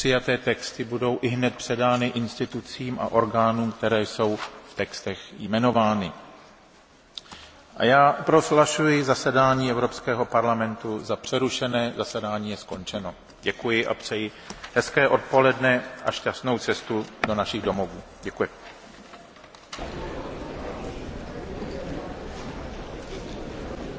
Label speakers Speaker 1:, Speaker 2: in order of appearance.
Speaker 1: Přijaté texty budou ihned předány institucím a orgánům, které jsou v textech jmenovány. A já proslašuji zasedání Evropského parlamentu za přerušené. Zasedání je skončeno. Děkuji a přeji hezké odpoledne a šťastnou cestu do našich domovů. Děkuji.